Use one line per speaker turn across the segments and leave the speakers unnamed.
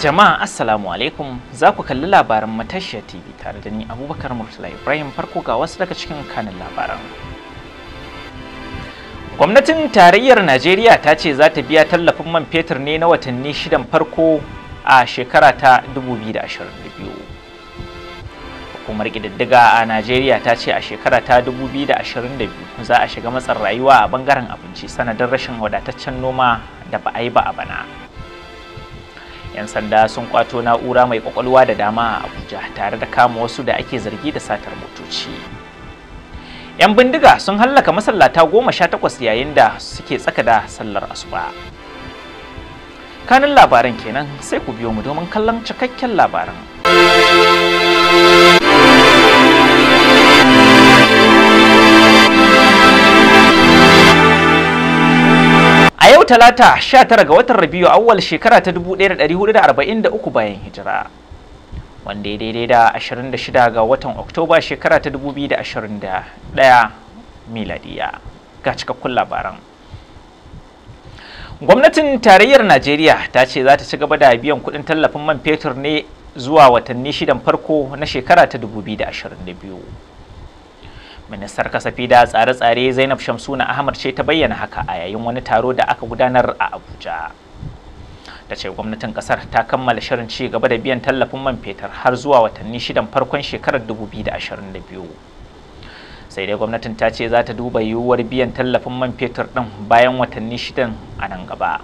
Jama'a Assalamu alaikum za ku kalli labaran matashiya TV tare da ni Abubakar Murtala Ibrahim farko ga wasu daga cikin kanin labaran. Gwamnatin tarayyar Najeriya ta ce za ta biya tallafin man fetur ne na watanni shidan farko a shekara ta 2022. hukumar ƙididdiga a najeriya ta ce a shekara ta 2022 za a shiga matsin rayuwa a bangaren abinci sanadin rashin wadataccen noma da ba a yi ba a bana 'yan sanda sun kwato na'ura mai kwakwalwa da dama a abuja tare da kama wasu da ake zargi da satar motoci 'yan bindiga sun hallaka masallata goma sha takwas yayin da suke tsaka da sallar asuba kanin labaran kenan sai ku biyo mu domin kallon cikakken labaran yau talata 19 ga watan Rabiu awwal shekara ta 1443 bayan hijira. Wanda ya daidai da 26 ga watan Oktoba shekara ta 2021 miladiya. Ga cikakkun labaran. Gwamnatin tarayyar Najeriya ta ce za ta ci gaba da biyan kuɗin tallafin man fetur ne zuwa watanni shidan farko na shekara ta 2022. ministar kasafi da tsare-tsare zainab shamsuna ahmad ce ta bayyana haka a yayin wani taro da aka gudanar a abuja ta ce gwamnatin kasar ta kammala shirin ci gaba da biyan tallafin man fetur har zuwa watanni shidan farkon shekarar 2022 sai dai gwamnatin ta ce za ta duba yiwuwar biyan tallafin man fetur din bayan watanni shidan a nan gaba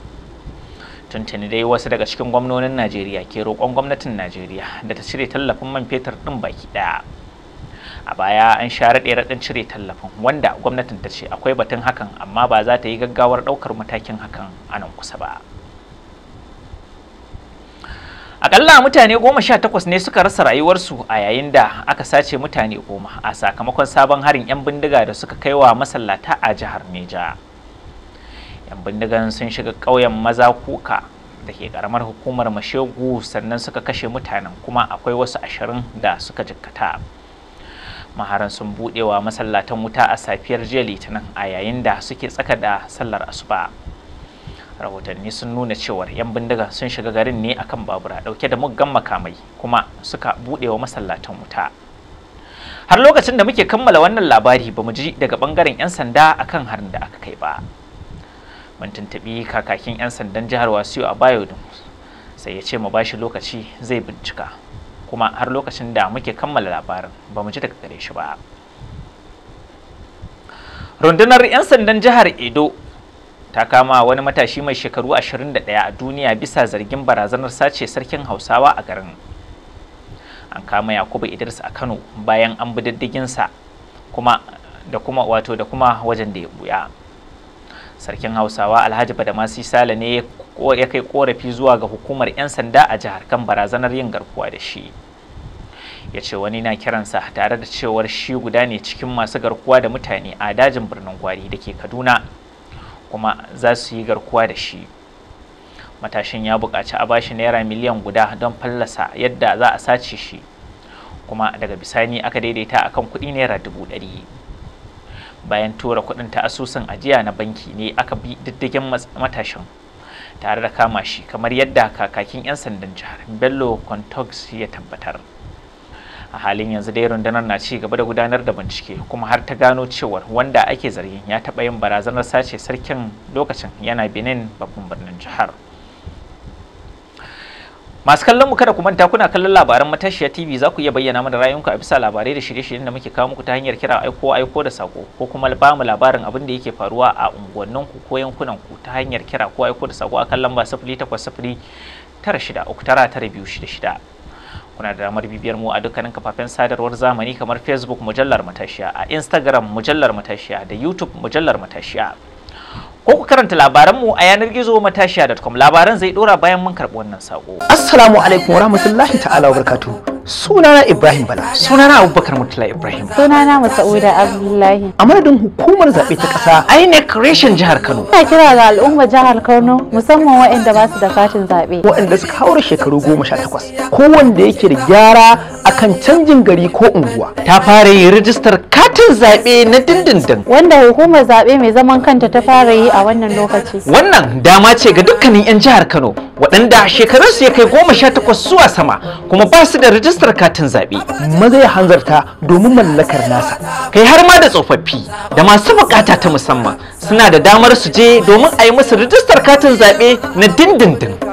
tuntuni dai wasu daga cikin gwamnonin najeriya ke roƙon gwamnatin najeriya da ta cire tallafin man fetur din baki ɗaya a baya an share raɗe raɗin cire tallafin wanda gwamnatin ta ce akwai batun hakan amma ba za ta yi gaggawar ɗaukar matakin hakan a nan kusa ba akalla mutane goma sha takwas ne suka rasa rayuwarsu a yayin da aka sace mutane goma a sakamakon sabon harin 'yan bindiga da suka kai wa masallata a jihar neja 'yan bindigan sun shiga ƙauyen maza kuka da ke karamar hukumar mashegu sannan suka kashe mutanen kuma akwai wasu ashirin da suka jikkata. maharan sun buɗewa masallatan wuta a safiyar jiya litinin a yayin da suke tsaka da sallar asuba rahotanni sun nuna cewar 'yan bindiga sun shiga garin ne akan babura dauke da muggan makamai kuma suka buɗewa masallatan wuta har lokacin da muke kammala wannan labari ba mu ji daga bangaren 'yan sanda akan harin da aka kai ba mun tuntuɓi kakakin 'yan sandan jihar wasiyo a bayo sai ya ce mu bashi lokaci zai bincika kuma har lokacin da muke kammala labarin ba mu ji daga gare shi ba rundunar 'yan sandan jihar edo ta kama wani matashi mai shekaru 21 a duniya bisa zargin barazanar sace sarkin hausawa a garin an kama yakubu idris a kano bayan an bi diddiginsa kuma da kuma wato da kuma wajen da ya buya sarkin hausawa alhaji badamasi sale ne ya kai korafi zuwa ga hukumar 'yan sanda a jihar kan barazanar yin garkuwa da shi ya ce wani na kiransa tare da cewar shi guda ne cikin masu garkuwa da mutane a dajin birnin gwari da ke kaduna kuma za su yi garkuwa da shi matashin ya buƙaci a bashi naira miliyan guda don fallasa yadda za a sace shi kuma daga bisani aka daidaita akan kuɗi naira dubu ɗari bayan tura kudin ta asusun ajiya na banki ne aka bi diddigin matashin tare da kama shi kamar yadda kakakin 'yan sandan jihar bello contox ya tabbatar a halin yanzu dai rundunar na ci gaba da gudanar da bincike kuma har ta gano cewar wanda ake zargin ya taɓa yin barazanar sace sarkin lokacin yana benin babban birnin jihar Masu kallon mu kada ku manta kuna kallon labaran matashiya TV za ku iya bayyana mana ra'ayinku a bisa labarai da shirye-shiryen da muke kawo muku ta hanyar kira aiko aiko da sako ko kuma ba mu labarin abin da yake faruwa a unguwannin ku ko yankunan ku ta hanyar kira ko aiko da sako a kan lamba shida Kuna da damar bibiyar mu a dukkanin kafafen sadarwar zamani kamar Facebook mujallar matashiya, a Instagram mujallar matashiya da YouTube mujallar matashiya. ko ku karanta labaran mu a yanar gizo matashiya.com labaran zai dora bayan mun karɓi wannan sako. Assalamu alaikum wa rahmatullahi ta'ala wa Sunana Ibrahim Bala. Sunana Abubakar Mutula Ibrahim. Sunana Masauda Abdullahi. A madadin hukumar zaɓe ta ƙasa INEC reshen jihar Kano. Ina kira ga al'umma jihar Kano musamman waɗanda ba su da katin zaɓe. Waɗanda suka haura shekaru goma sha takwas. Ko wanda yake da gyara akan canjin gari ko unguwa. Ta fara yin rijistar ka yin zaɓe na dindindin. Wanda hukumar zaɓe mai zaman kanta ta fara yi a wannan lokaci. Wannan dama ce ga dukkanin 'yan jihar Kano waɗanda shekarunsu ya kai goma sha takwas zuwa sama kuma ba su da rijistar katin zaɓe. Maza ya hanzarta domin mallakar nasa. Kai har ma da tsofaffi da masu bukata ta musamman suna da damar su je domin a yi musu rijistar katin zaɓe na dindindin.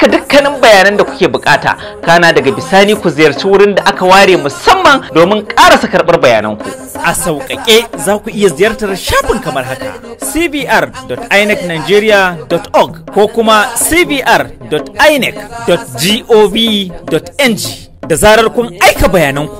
cika dukkanin bayanan da kuke bukata kana daga bisani ku ziyarci wurin da aka ware musamman domin karasa karɓar bayananku a sauƙaƙe za ku iya ziyartar shafin kamar haka cbr.inecnigeria.org ko kuma cbr.inec.gov.ng da zarar kun aika bayananku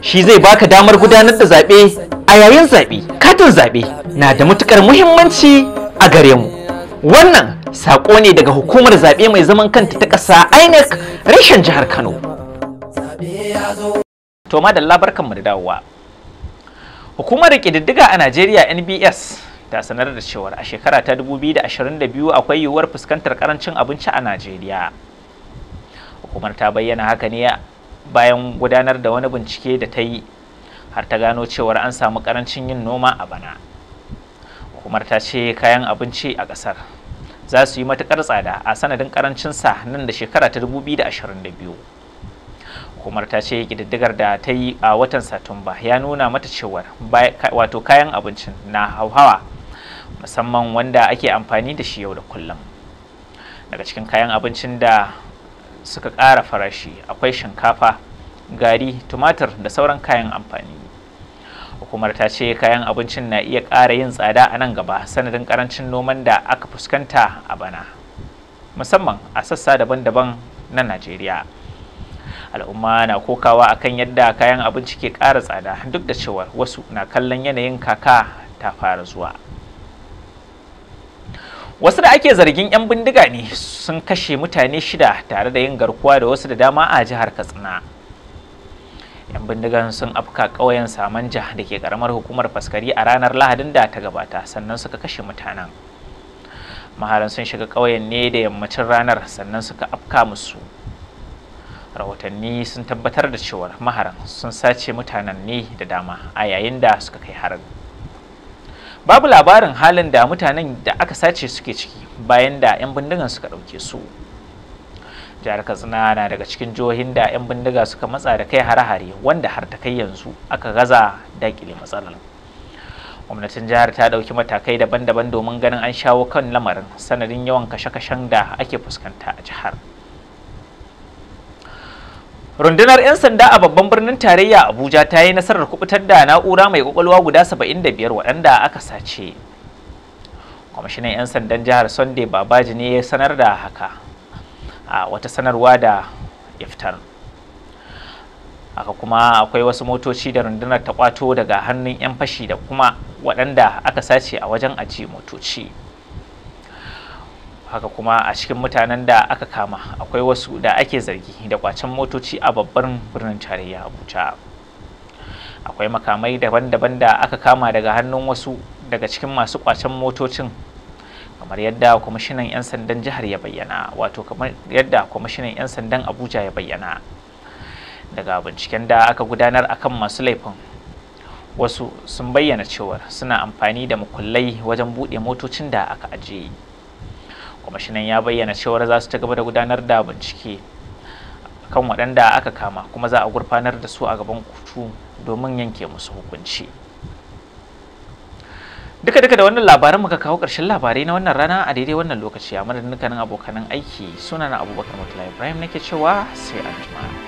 shi zai baka damar gudanar da zaɓe a yayin zaɓe katin zaɓe na da matukar muhimmanci a gare mu wannan saƙo ne daga hukumar zaɓe mai zaman kanta ta ƙasa inec rashin jihar kano to madalla da labarkan da dawowa hukumar ƙididdiga a najeriya nbs ta sanar da cewar a shekara ta 2022 akwai yiwuwar fuskantar karancin abinci a najeriya hukumar ta bayyana haka ne bayan gudanar da wani bincike da ta yi har ta gano cewar an samu karancin yin noma a bana hukumar ta ce kayan abinci a ƙasar za su yi matuƙar tsada a sanadin karancin sa nan da shekara ta 2022 hukumar ta ce ƙididdigar da ta yi a watan satumba ya nuna mata cewar wato kayan abincin na hauhawa musamman wanda ake amfani da shi yau da kullum daga cikin kayan abincin da suka ƙara farashi akwai shinkafa gari tumatir da sauran kayan amfani hukumar ta ce kayan abincin na iya ƙara yin tsada a nan gaba sanadin ƙarancin noman da aka fuskanta a bana musamman a sassa daban-daban na najeriya al'umma na kokawa a kan yadda kayan abinci ke ƙara tsada duk da cewa wasu na kallon yanayin kaka ta fara zuwa wasu da ake zargin 'yan bindiga ne sun kashe mutane shida tare da yin garkuwa da wasu da dama a jihar katsina 'yan bindigan sun afka ƙauyen samanja da ke karamar hukumar faskari a ranar lahadin da ta gabata sannan suka kashe mutanen maharan sun shiga ƙauyen ne da yammacin ranar sannan suka afka musu rahotanni sun tabbatar da cewar maharan sun sace mutanen ne da dama a yayin da suka kai harin babu labarin halin da mutanen da aka sace suke ciki bayan da 'yan bindigan suka ɗauke su jihar katsina na daga cikin jihohin da 'yan bindiga suka matsa da kai hare-hare wanda har ta kai yanzu aka gaza dakile matsalar gwamnatin jihar ta ɗauki matakai daban-daban domin ganin an shawo kan lamarin sanadin yawan kashe-kashen da ake fuskanta a jihar rundunar 'yan sanda a babban birnin tarayya abuja ta yi nasarar kubutar da na'ura mai kwakwalwa guda 75 waɗanda aka sace kwamishinan 'yan sandan jihar sunday babaji ne ya sanar da haka a wata sanarwa da iftar haka kuma akwai wasu motoci da rundunar ta kwato daga hannun 'yan fashi da kuma waɗanda aka sace a wajen ajiye motoci. haka kuma a cikin mutanen da aka kama akwai wasu da ake zargi da kwacen motoci a babban birnin tarayya abuja akwai makamai daban-daban da aka kama daga hannun wasu daga cikin masu kwacen motocin kamar yadda kwamishinan 'yan sandan jihar ya bayyana wato kamar yadda kwamishinan 'yan sandan abuja ya bayyana daga binciken da aka gudanar akan masu laifin wasu sun bayyana cewar suna amfani da mukullai wajen buɗe motocin da aka ajiye Kuma kwamishinan ya bayyana cewar za su ci gaba da gudanar da bincike kan waɗanda aka kama kuma za a gurfanar da su a gaban kotu domin yanke musu hukunci duka duka da wannan labarin muka kawo ƙarshen labarai na wannan rana a daidai wannan lokaci a madadin abokanan aiki sunana abubakar mutula ibrahim nake cewa sai anjima